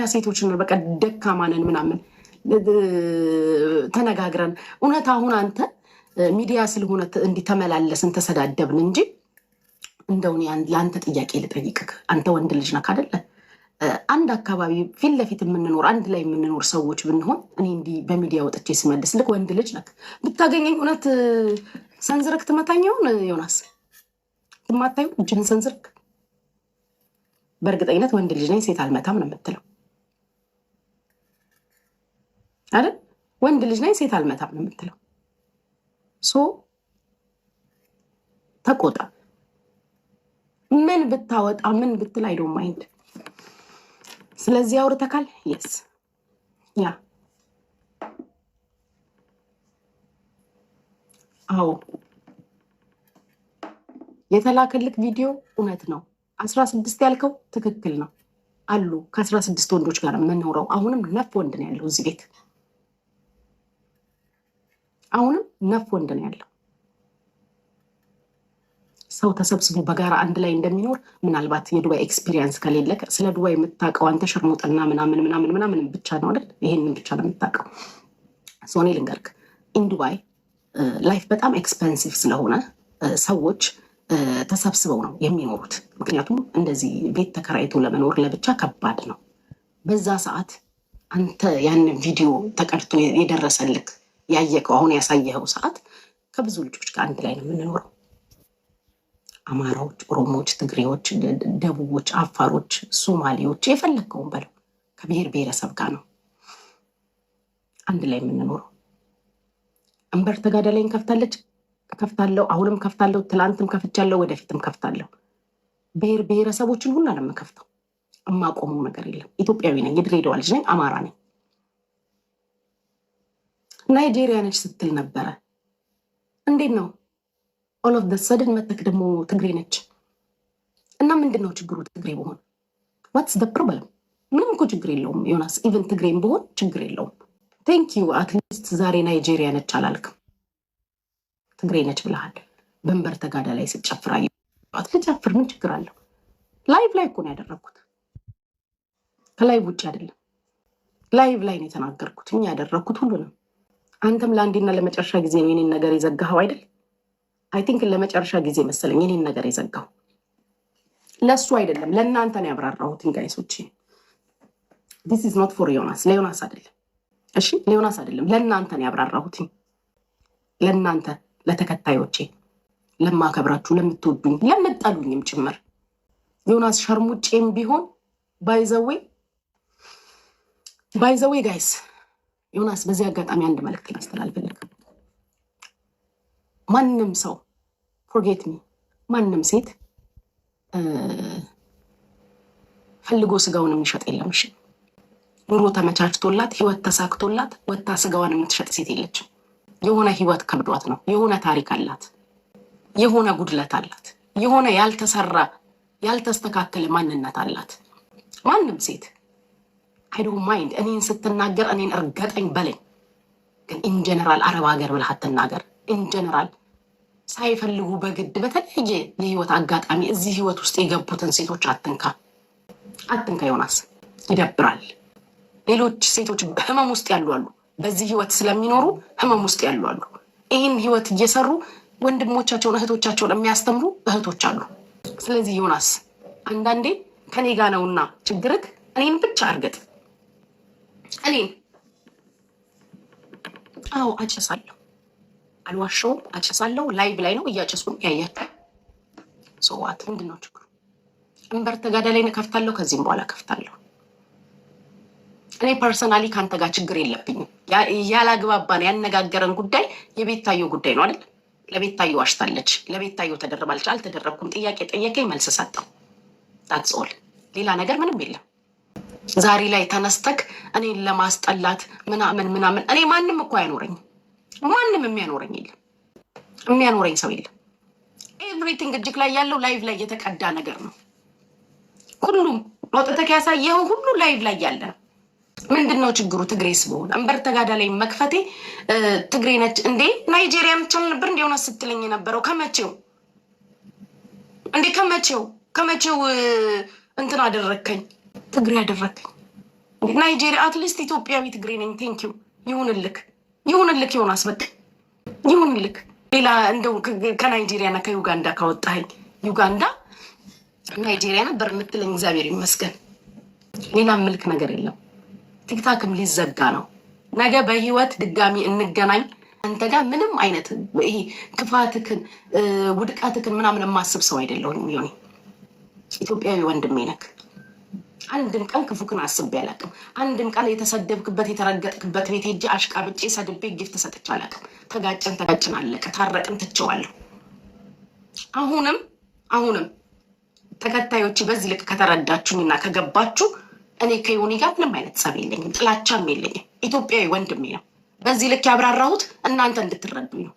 ያ ሴቶች በቃ ደካማ ነን ምናምን ተነጋግረን እውነት አሁን አንተ ሚዲያ ስለሆነ እንዲተመላለስን ተሰዳደብን እንጂ እንደውን ለአንተ ጥያቄ ልጠይቅህ። አንተ ወንድ ልጅ ነህ አይደለ? አንድ አካባቢ ፊት ለፊት የምንኖር አንድ ላይ የምንኖር ሰዎች ብንሆን እኔ እንዲህ በሚዲያ ወጥቼ ስመልስ ልክ ወንድ ልጅ ነህ ብታገኘኝ እውነት ሰንዝረክ ትመታኛውን ዮናስ ትማታዩ እጅህን ሰንዝረክ። በእርግጠኝነት ወንድ ልጅ ነኝ ሴት አልመታም ነው የምትለው። አይደል? ወንድ ልጅ ነኝ ሴት አልመታም ነው የምትለው። ሶ ተቆጣ። ምን ብታወጣ ምን ብትል አይዶ ማይንድ። ስለዚህ አውርተካል። የስ ያ አዎ የተላከልክ ቪዲዮ እውነት ነው። አስራ ስድስት ያልከው ትክክል ነው አሉ። ከአስራ ስድስት ወንዶች ጋር የምንኖረው አሁንም ነፍ ወንድ ነው ያለው እዚህ ቤት አሁንም ነፍ ወንድ ነው ያለው። ሰው ተሰብስቦ በጋራ አንድ ላይ እንደሚኖር ምናልባት የዱባይ ኤክስፒሪየንስ ከሌለ ስለ ዱባይ የምታውቀው አንተ ሸርሞጠና ምናምን ምናምን ምናምን ብቻ ነው አይደል? ይሄንን ብቻ ነው የምታውቀው። ሶኔ ልንገርክ፣ ኢን ዱባይ ላይፍ በጣም ኤክስፐንሲቭ ስለሆነ uh, ሰዎች uh, ተሰብስበው ነው የሚኖሩት። ምክንያቱም እንደዚህ ቤት ተከራይቶ ለመኖር ለብቻ ከባድ ነው። በዛ ሰዓት አንተ ያንን ቪዲዮ ተቀድቶ የደረሰልክ ያየከው አሁን ያሳየኸው ሰዓት ከብዙ ልጆች ጋር አንድ ላይ ነው የምንኖረው። አማራዎች፣ ኦሮሞዎች፣ ትግሬዎች፣ ደቡቦች፣ አፋሮች፣ ሶማሌዎች የፈለግከውን በለው ከብሔር ብሔረሰብ ጋር ነው አንድ ላይ የምንኖረው። እምበር ተጋዳላይን ከፍታለች፣ ከፍታለሁ፣ አሁንም ከፍታለሁ፣ ትላንትም ከፍቻለሁ፣ ወደፊትም ከፍታለሁ። ብሔር ብሔረሰቦችን ሁሉ ነው የምከፍተው። የማቆመው ነገር የለም። ኢትዮጵያዊ ነኝ፣ የድሬዳዋ ልጅ ነኝ፣ አማራ ነኝ። ናይጄሪያ ነች ስትል ነበረ። እንዴት ነው ኦል ኦፍ ሰደን መተክ ደግሞ ትግሬ ነች? እና ምንድን ነው ችግሩ? ትግሬ በሆን ዋትስ ደ ፕሮብለም? ምንም እኮ ችግር የለውም ዮናስ። ኢቨን ትግሬም በሆን ችግር የለውም። ቴንክ ዩ አትሊስት ዛሬ ናይጄሪያ ነች አላልክም። ትግሬ ነች ብለሃል። በንበር ተጋዳ ላይ ስጨፍር አየኋት። ልጨፍር ምን ችግር አለው? ላይቭ ላይ እኮ ነው ያደረግኩት፣ ከላይቭ ውጭ አይደለም። ላይቭ ላይ ነው የተናገርኩት። እኛ ያደረግኩት ሁሉንም አንተም ለአንዴና ለመጨረሻ ጊዜ ነው የኔን ነገር የዘጋኸው አይደል? አይ ቲንክ ለመጨረሻ ጊዜ መሰለኝ የኔን ነገር የዘጋው። ለእሱ አይደለም ለእናንተ ነው ያብራራሁትን። ጋይሶች ዲስ ኢዝ ኖት ፎር ዮናስ፣ ለዮናስ አይደለም። እሺ ለዮናስ አይደለም፣ ለእናንተ ነው ያብራራሁትኝ። ለእናንተ ለተከታዮቼ፣ ለማከብራችሁ፣ ለምትወዱኝ፣ ለምጠሉኝም ጭምር ዮናስ ሸርሙጬም ቢሆን ባይዘዌ ባይዘዌ ጋይስ ዮናስ በዚህ አጋጣሚ አንድ መልክት ላስተላልፍ ማንም ሰው ፎርጌት ሚ ማንም ሴት ፈልጎ ስጋውን የሚሸጥ የለም። እሺ ኑሮ ተመቻችቶላት ህይወት ተሳክቶላት ወታ ስጋዋን የምትሸጥ ሴት የለችም። የሆነ ህይወት ከብዷት ነው። የሆነ ታሪክ አላት። የሆነ ጉድለት አላት። የሆነ ያልተሰራ ያልተስተካከለ ማንነት አላት። ማንም ሴት አይዶ ማይንድ እኔን ስትናገር እኔን እርገጠኝ በለኝ። ግን ኢንጀነራል አረብ ሀገር ብለህ አትናገር። ኢንጀነራል ሳይፈልጉ በግድ በተለያየ የህይወት አጋጣሚ እዚህ ህይወት ውስጥ የገቡትን ሴቶች አትንካ አትንካ። ዮናስ ይደብራል። ሌሎች ሴቶች ህመም ውስጥ ያሉ አሉ። በዚህ ህይወት ስለሚኖሩ ህመም ውስጥ ያሉ አሉ። ይህን ህይወት እየሰሩ ወንድሞቻቸውን እህቶቻቸውን የሚያስተምሩ እህቶች አሉ። ስለዚህ ዮናስ አንዳንዴ ከኔ ጋ ነውና ችግርክ እኔን ብቻ እርገጥ። እኔን አዎ አጨሳለሁ፣ አልዋሸውም፣ አጨሳለሁ። ላይቭ ላይ ነው እያጨስኩ ነው ሰዋት ምንድን ነው ችግሩ? እምበር ተጋዳላይ ከፍታለሁ፣ ከዚህም በኋላ ከፍታለሁ። እኔ ፐርሰናሊ ከአንተ ጋር ችግር የለብኝም። ያላግባባን ያነጋገረን ጉዳይ የቤታየው ጉዳይ ነው አይደል? ለቤታየው አሽታለች፣ ለቤታየው ተደርባለች። አልተደረብኩም። ጥያቄ ጠየቀኝ፣ መልስ ሰጠው። ታትስ ኦል። ሌላ ነገር ምንም የለም። ዛሬ ላይ ተነስተክ እኔን ለማስጠላት ምናምን ምናምን፣ እኔ ማንም እኮ አይኖረኝ ማንም የሚያኖረኝ የለም፣ የሚያኖረኝ ሰው የለም። ኤቭሪቲንግ እጅግ ላይ ያለው ላይቭ ላይ የተቀዳ ነገር ነው። ሁሉም ወጥተክ ያሳየው ሁሉ ላይቭ ላይ ያለ ነው። ምንድን ነው ችግሩ? ትግሬ ስበሆን እንበር ተጋዳ ላይ መክፈቴ ትግሬ ነች እንዴ ናይጄሪያ ምቻል ነበር እንዲሆነ ስትለኝ የነበረው ከመቼው እንዴ ከመቼው ከመቼው እንትን አደረግከኝ ትግሬ ያደረግኝ ናይጄሪያ አትሊስት ኢትዮጵያዊ ትግሬ ነኝ። ቴንኪዩ ይሁንልክ፣ ይሁንልክ፣ ይሆን በቃ ይሁንልክ። ሌላ እንደው ከናይጄሪያና ከዩጋንዳ ካወጣኝ ዩጋንዳ ናይጄሪያ ነበር የምትለኝ። እግዚአብሔር ይመስገን፣ ሌላ ምልክ ነገር የለም። ቲክታክም ሊዘጋ ነው። ነገ በህይወት ድጋሚ እንገናኝ። አንተ ጋር ምንም አይነት ይሄ ክፋትክን ውድቀትክን ምናምን የማስብ ሰው አይደለሁም። ሆኔ ኢትዮጵያዊ ወንድሜ ነክ አንድም ቀን ክፉ ግን አስቤ አላቅም። አንድም ቀን የተሰደብክበት የተረገጥክበት ቤት ሄጄ አሽቃብጬ ሰድቤ ጊፍት ሰጥቼ አላቅም። ተጋጨን፣ ተጋጭን፣ አለቀ፣ ታረቅን፣ ትቼዋለሁ። አሁንም አሁንም ተከታዮች በዚህ ልክ ከተረዳችሁኝና ከገባችሁ እኔ ከዮኒ ጋር ምንም አይነት ጸብ የለኝም፣ ጥላቻም የለኝም። ኢትዮጵያዊ ወንድሜ ነው። በዚህ ልክ ያብራራሁት እናንተ እንድትረዱኝ ነው።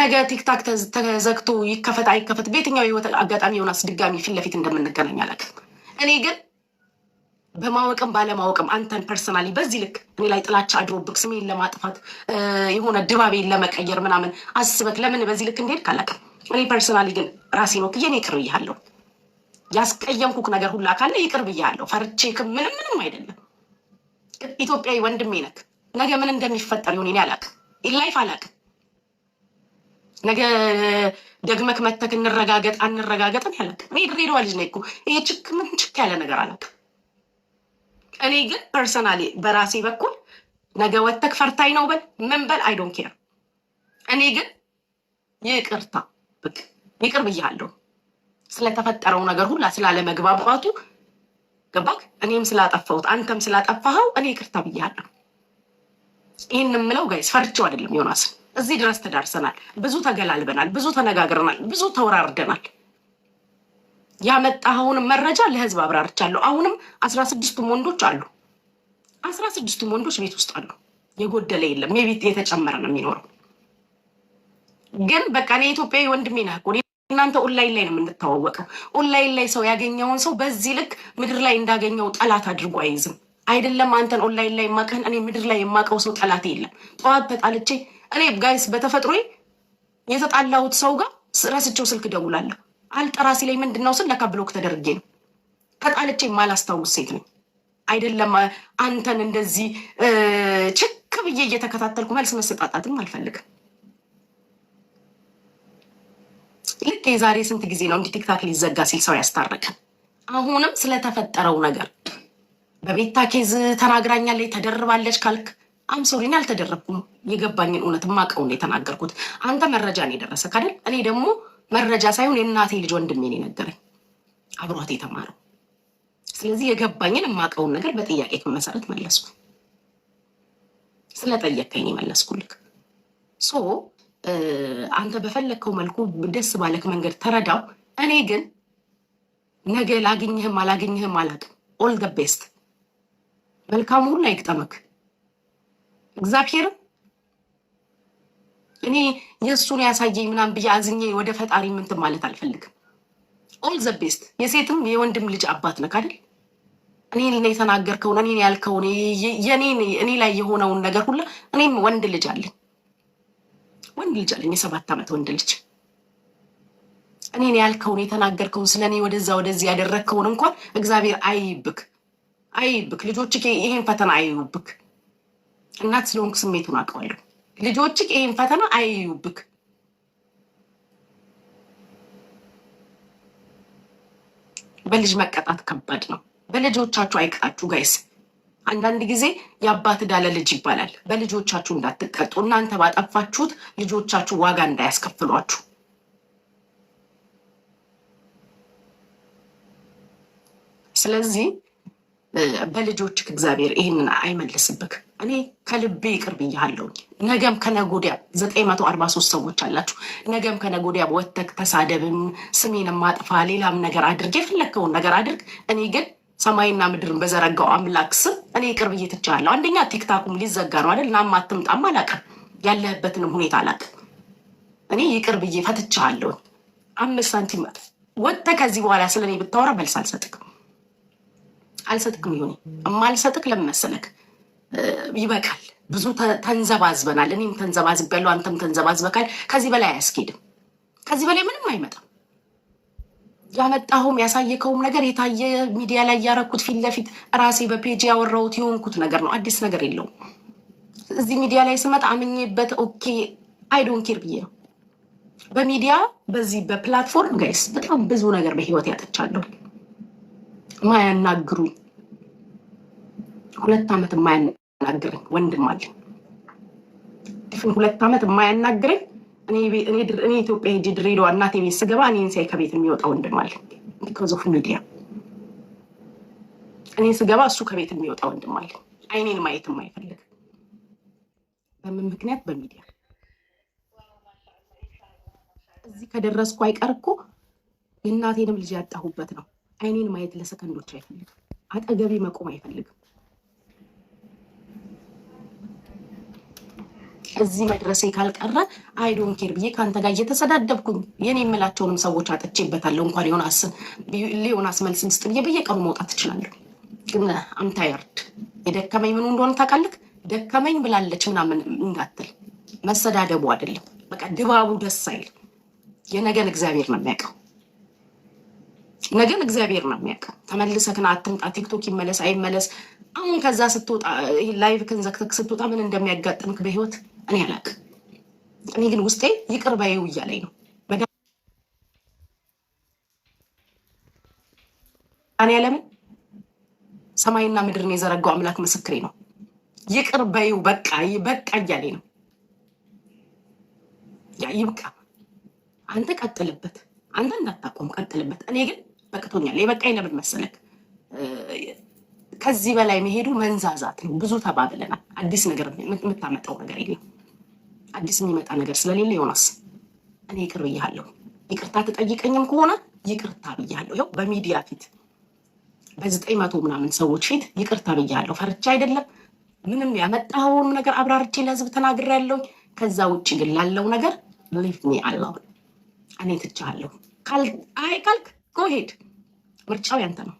ነገ ቲክታክ ተዘግቶ ይከፈት አይከፈት በየትኛው ህይወት አጋጣሚ የሆናስ አስድጋሚ ፊት ለፊት እንደምንገናኝ አላውቅም። እኔ ግን በማወቅም ባለማወቅም አንተን ፐርሰናሊ በዚህ ልክ እኔ ላይ ጥላቻ አድሮብክ ስሜን ለማጥፋት የሆነ ድባቤን ለመቀየር ምናምን አስበክ ለምን በዚህ ልክ እንደሄድክ ካላቀ እኔ ፐርሰናሊ ግን ራሴን ወክዬ እኔ ይቅር ብያለሁ። ያስቀየምኩክ ነገር ሁላ ካለ ይቅር ብያለሁ። ፈርቼክ ምንም ምንም አይደለም። ኢትዮጵያዊ ወንድሜ ነክ ነገ ምን እንደሚፈጠር ይሆን እኔ አላውቅም። ላይፍ አላውቅም። ነገ ደግመክ መተክ እንረጋገጥ አንረጋገጥም ያለቅ እኔ ድሬዳዋ ልጅ ነኝ እኮ ይሄ ችክ ምን ችክ ያለ ነገር አላውቅም። እኔ ግን ፐርሰናሊ በራሴ በኩል ነገ ወተክ ፈርታኝ ነው በል ምን በል አይ ዶንት ኬር። እኔ ግን ይቅርታ ይቅር ብያለሁ ስለተፈጠረው ነገር ሁላ ስላለመግባባቱ ገባክ። እኔም ስላጠፋሁት አንተም ስላጠፋኸው እኔ ይቅርታ ብያለሁ። ይህን የምለው ጋይስ ፈርቼው አይደለም። ዮናስን እዚህ ድረስ ተዳርሰናል። ብዙ ተገላልበናል፣ ብዙ ተነጋግረናል፣ ብዙ ተወራርደናል። ያመጣኸውንም መረጃ ለህዝብ አብራርቻለሁ። አሁንም አስራ ስድስቱም ወንዶች አሉ። አስራ ስድስቱም ወንዶች ቤት ውስጥ አሉ። የጎደለ የለም። የቤት የተጨመረ ነው የሚኖረው። ግን በቃ እኔ ኢትዮጵያዊ ወንድሜ ነህ እኮ እናንተ ኦንላይን ላይ ነው የምንተዋወቀው። ኦንላይን ላይ ሰው ያገኘውን ሰው በዚህ ልክ ምድር ላይ እንዳገኘው ጠላት አድርጎ አይዝም። አይደለም አንተን ኦንላይን ላይ የማውቅህን እኔ ምድር ላይ የማውቀው ሰው ጠላት የለም። ጠዋት ተጣልቼ እኔ ጋይስ በተፈጥሮ የተጣላሁት ሰው ጋር ረስቼው ስልክ ደውላለሁ። አልጠራ ሲለኝ ምንድን ነው ስል ለካ ብሎክ ተደርጌ ነው። ተጣልቼ ማላስታውስ ሴት ነኝ። አይደለም አንተን እንደዚህ ችክ ብዬ እየተከታተልኩ መልስ መሰጣጣትም አልፈልግም። ልክ የዛሬ ስንት ጊዜ ነው እንዲህ ቲክታክ ሊዘጋ ሲል ሰው ያስታረቀን? አሁንም ስለተፈጠረው ነገር በቤታ ኬዝ ተናግራኛለች ተደርባለች ካልክ አምሶሪን አልተደረብኩም። የገባኝን እውነት ማቀውን የተናገርኩት አንተ መረጃ ነው የደረሰ ካደል እኔ ደግሞ መረጃ ሳይሆን የእናቴ ልጅ ወንድሜን የነገረኝ አብሯት የተማረው። ስለዚህ የገባኝን የማውቀውን ነገር በጥያቄ መሰረት መለስኩ። ስለጠየቅከኝ መለስኩልክ። ሶ አንተ በፈለግከው መልኩ ደስ ባለክ መንገድ ተረዳው። እኔ ግን ነገ ላግኝህም አላግኝህም አላቅም። ኦል ደ ቤስት መልካሙ ሁሉ አይግጠምክ እግዚአብሔርም እኔ የእሱን ያሳየኝ ምናምን ብዬ አዝኜ ወደ ፈጣሪ ምንት ማለት አልፈልግም። ኦል ዘ ቤስት የሴትም የወንድም ልጅ አባት ነክ አይደል? እኔን የተናገርከውን እኔ ያልከውን የኔን እኔ ላይ የሆነውን ነገር ሁላ እኔም ወንድ ልጅ አለኝ ወንድ ልጅ አለኝ የሰባት ዓመት ወንድ ልጅ እኔን ያልከውን የተናገርከውን ስለ እኔ ወደዛ ወደዚህ ያደረግከውን እንኳን እግዚአብሔር አይብክ አይብክ ልጆች ይሄን ፈተና አይብክ እናት ስለሆንክ ስሜቱን አውቀዋለሁ። ልጆችክ ይህን ፈተና አይዩብክ። በልጅ መቀጣት ከባድ ነው። በልጆቻችሁ አይቅጣችሁ ጋይስ። አንዳንድ ጊዜ የአባት ዳለ ልጅ ይባላል። በልጆቻችሁ እንዳትቀጡ። እናንተ ባጠፋችሁት ልጆቻችሁ ዋጋ እንዳያስከፍሏችሁ። ስለዚህ በልጆችክ እግዚአብሔር ይህንን አይመልስብክ። እኔ ከልቤ ይቅር ብያለሁ። ነገም ከነጎዲያ ዘጠኝ መቶ አርባ ሶስት ሰዎች አላችሁ። ነገም ከነጎዲያ ወተክ ተሳደብም፣ ስሜንም አጥፋ፣ ሌላም ነገር አድርግ፣ የፈለግከውን ነገር አድርግ። እኔ ግን ሰማይና ምድርን በዘረጋው አምላክ ስም እኔ ይቅር ብዬ ትችላለሁ። አንደኛ ቲክታኩም ሊዘጋ ነው አይደል? ናም አትምጣም አላውቅም፣ ያለህበትንም ሁኔታ አላውቅም። እኔ ይቅር ብዬ ፈትቻለሁ። አምስት ሳንቲም ወጥተህ ከዚህ በኋላ ስለ እኔ ብታወራ መልስ አልሰጥክም፣ አልሰጥክም። ይሁኔ እማልሰጥክ ለምን መሰለክ ይበቃል። ብዙ ተንዘባዝበናል። እኔም ተንዘባዝቤያለሁ፣ አንተም ተንዘባዝበካል። ከዚህ በላይ አያስኬድም። ከዚህ በላይ ምንም አይመጣም። ያመጣሁም ያሳየከውም ነገር የታየ ሚዲያ ላይ ያረኩት ፊት ለፊት ራሴ በፔጅ ያወራሁት የሆንኩት ነገር ነው። አዲስ ነገር የለውም። እዚህ ሚዲያ ላይ ስመጣ አምኜበት ኦኬ አይዶን ኬር ብዬ ነው። በሚዲያ በዚህ በፕላትፎርም ጋይስ በጣም ብዙ ነገር በህይወት ያጠቻለሁ። ማያናግሩኝ ሁለት ዓመት ማያነ ያናግረኝ ወንድም አለኝ። ድፍን ሁለት ዓመት የማያናግረኝ እኔ ኢትዮጵያ ሄጄ ድሬዳዋ እናቴ ቤት ስገባ እኔን ሳይ ከቤት የሚወጣ ወንድም አለኝ። ቢኮዝ ኦፍ ሚዲያ እኔ ስገባ እሱ ከቤት የሚወጣ ወንድም አለኝ። አይኔን ማየት የማይፈልግ በምን ምክንያት በሚዲያ እዚህ ከደረስኩ አይቀር እኮ የእናቴንም ልጅ ያጣሁበት ነው። አይኔን ማየት ለሰከንዶች አይፈልግም። አጠገቤ መቆም አይፈልግም። እዚህ መድረሴ ካልቀረ አይዶን ኬር ብዬ ከአንተ ጋር እየተሰዳደብኩኝ የኔ የምላቸውንም ሰዎች አጥቼበታለሁ። እንኳን ሊሆናስ መልስ ምስጥ ብዬ በየቀኑ መውጣት እችላለሁ። ግን አምታየርድ የደከመኝ ምኑ እንደሆነ ታውቃለህ? ደከመኝ ብላለች ምናምን እንዳትል መሰዳደቡ አይደለም። በቃ ድባቡ ደስ አይል። የነገን እግዚአብሔር ነው የሚያውቀው ነገን እግዚአብሔር ነው የሚያውቀው። ተመልሰህ አትምጣ። ቲክቶክ ይመለስ አይመለስ አሁን ከዛ ስትወጣ ላይቭ ክንዘክተክ ስትወጣ ምን እንደሚያጋጥምክ በህይወት እኔ አላቅም። እኔ ግን ውስጤ ይቅር በይው እያለኝ ነው። መድኃኒዓለምን ሰማይና ምድርን የዘረጋው አምላክ ምስክሬ ነው። ይቅር በይው በቃ በቃ እያለኝ ነው። ያ ይብቃ፣ አንተ ቀጥልበት፣ አንተ እንዳታቆም ቀጥልበት። እኔ ግን በቅቶኛል። የበቃኝ ለምን መሰለክ? ከዚህ በላይ መሄዱ መንዛዛት ነው። ብዙ ተባብለናል። አዲስ ነገር የምታመጣው ነገር የለም። አዲስ የሚመጣ ነገር ስለሌለ ዮናስ እኔ ይቅር ብያለሁ። ይቅርታ ትጠይቀኝም ከሆነ ይቅርታ ብያለሁ። ው በሚዲያ ፊት በዘጠኝ መቶ ምናምን ሰዎች ፊት ይቅርታ ብያለሁ። ፈርቻ አይደለም ምንም ያመጣኸውን ነገር አብራርቼ ለህዝብ ያለው ከዛ ውጭ ግን ላለው ነገር ሊፍ ሚ አላውን እኔ ትቻለሁ። አይ ካልክ ጎሄድ ምርጫው ያንተ ነው።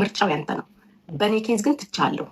ምርጫው ያንተ ነው። በእኔ ኬዝ ግን ትቻለሁ።